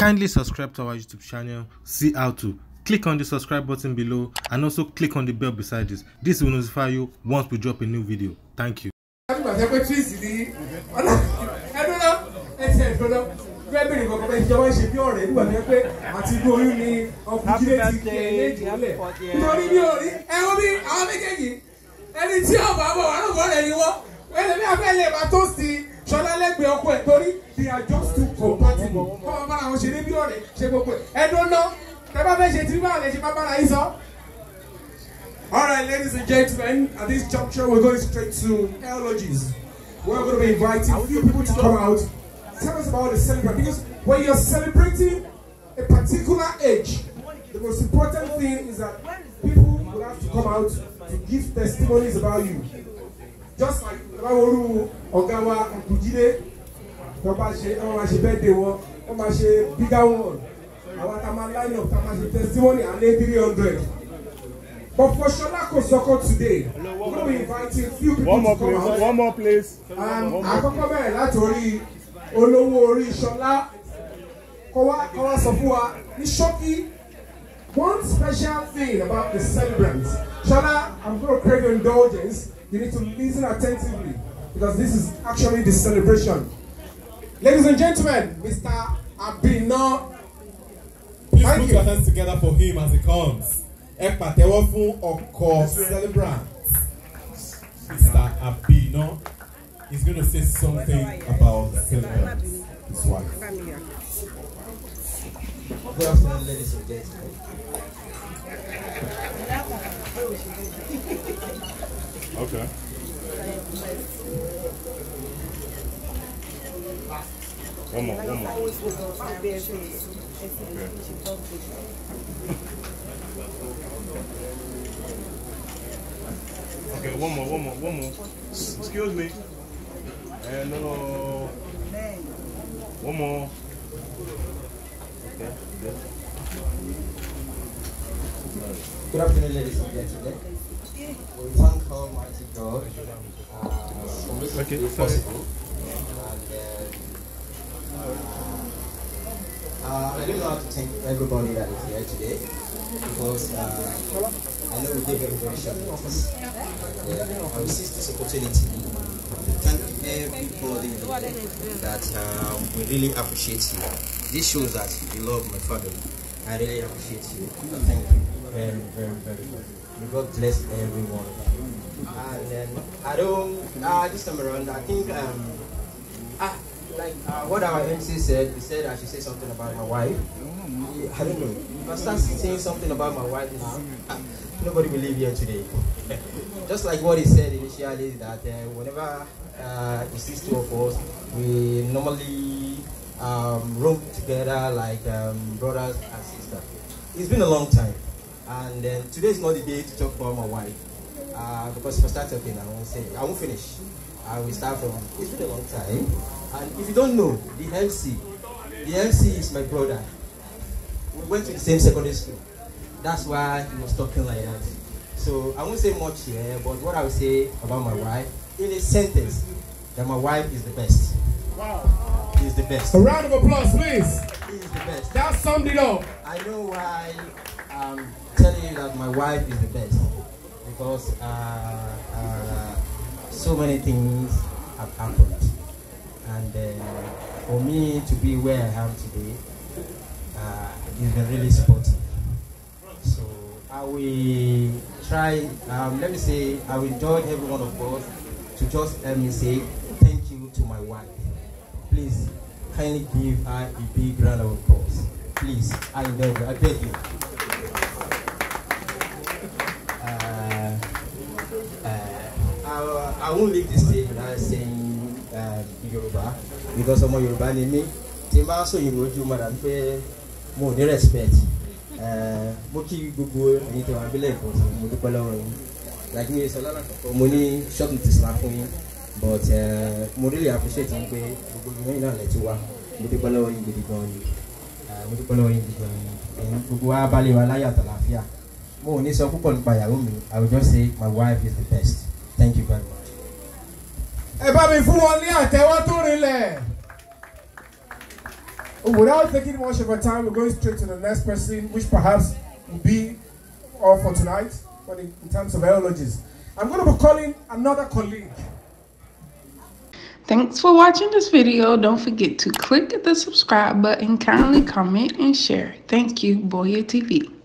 Kindly subscribe to our YouTube channel, see how to. Click on the subscribe button below and also click on the bell beside this. This will notify you once we drop a new video. Thank you. gbẹ́bìnrin kankan bẹ́ẹ̀ jẹ́ wọ́n ṣe bí ọ̀rẹ́ nígbà tó yẹ ẹni tí wọ́n ẹlẹ́mí àbẹ́lẹ̀ máa tó sí i. they are just too compatible. All right, ladies and gentlemen, at this juncture we're going straight to eulogies. We're going to be inviting a few people to come out. Tell us about the celebration because when you're celebrating a particular age, the most important thing is that people will have to come out to give testimonies about you. just like báwo orú ọ̀gá wa àbùjílé wọ́n bá ṣe wọ́n máa ṣe bẹ́ẹ̀ dé wọn wọ́n máa ṣe bigger one àwọn tá line up tá ṣe testimony and eight three hundred but for Shola Kosoko today we go be inviting few people one to come out one more place and àkọ́kọ́ bẹ̀rẹ̀ láti orí olówó orí Shola kọ́wá kọ́wá sọ fún wa ní ṣókí one special thing about the celebrant Shola I'm gonna crave indulgence. You need to listen attentively because this is actually the celebration. Ladies and gentlemen, Mr. Abino. Please Thank put you. your hands together for him as he comes. Epa, pàtẹ́wọ́ fún ọkọ celebrant. Mr. Abino is going to say something about the celebrant, his wife. Good afternoon, ladies and gentlemen. Okay. One more, one more. Okay. okay, one more, one more, one more. Excuse me. And eh, Hello. One more. Okay, good. Good afternoon, ladies and gentlemen. We thank Almighty God uh, for making okay, it possible. And, uh, uh, I really want to thank everybody that is here today because uh, I know we gave everybody short notice. And, uh, I will seize this opportunity to thank everybody that uh, we really appreciate you. This shows that you love my family. I really appreciate you. Thank you very, very, very good. God bless everyone. And then I don't, uh, this time around, I think, um, I, ah, like uh, what our MC said, he said I should say something about my wife. I don't know. If I start saying something about my wife now, ah, nobody will leave here today. Just like what he said initially, that uh, whenever uh, it's these two of us, we normally um, room together like um, brothers and sisters. It's been a long time. And then today is not the day to talk about my wife. Uh, because if I start talking, I won't say, I won't finish. I will start from, it's been a long time. And if you don't know, the MC, the MC is my brother. We went to the same secondary school. That's why he was talking like that. So I won't say much here, but what I will say about my wife, in a sentence, that my wife is the best. Wow. She's the best. A round of applause, please. Is the best. That summed it up. I know why um, tell you that my wife is the best because uh, uh, so many things have happened. And uh, for me to be where I am today, uh, it's been really supportive. So I will try, um, let me say, I will join every one of us to just let me say thank you to my wife. Please, kindly give her a big round of applause. Please, I love you, I beg you. I won't leave this stage without saying uh, Yorùbá because ọmọ Yorùbá ni mí tí n bá sọ Yorùbá ojú mọ̀dà pé mo ní respect uh, mo kí gbogbo ẹ̀yin tẹ̀wọ̀n abílẹ̀ ìbọn tí mo dúpẹ́ lọ́wọ́ yín like mi sọ lára kọ̀kọ́ mo ní short notice la fún yín but uh, mo really appreciate yín pé gbogbo yín náà lè ti wá mo dúpẹ́ lọ́wọ́ yín gidi gan ni uh, mo dúpẹ́ lọ́wọ́ yín gidi gan ni ẹ̀yin gbogbo wa balẹ̀ wa láyé àtàlàáfíà mo ò ní sọ púpọ̀ nípa ìyàwó mi I will just say my wife is the best thank you very much. ẹ bá mi fún wọn ní àtẹ́wọ́ tó rinlẹ̀. Oh, without taking much of our time, we're going straight to the next person, which perhaps will be all for tonight, but in, in terms of eulogies. I'm going to be calling another colleague. Thanks for watching this video. Don't forget to click the subscribe button, kindly comment, and share. Thank you, Boya TV.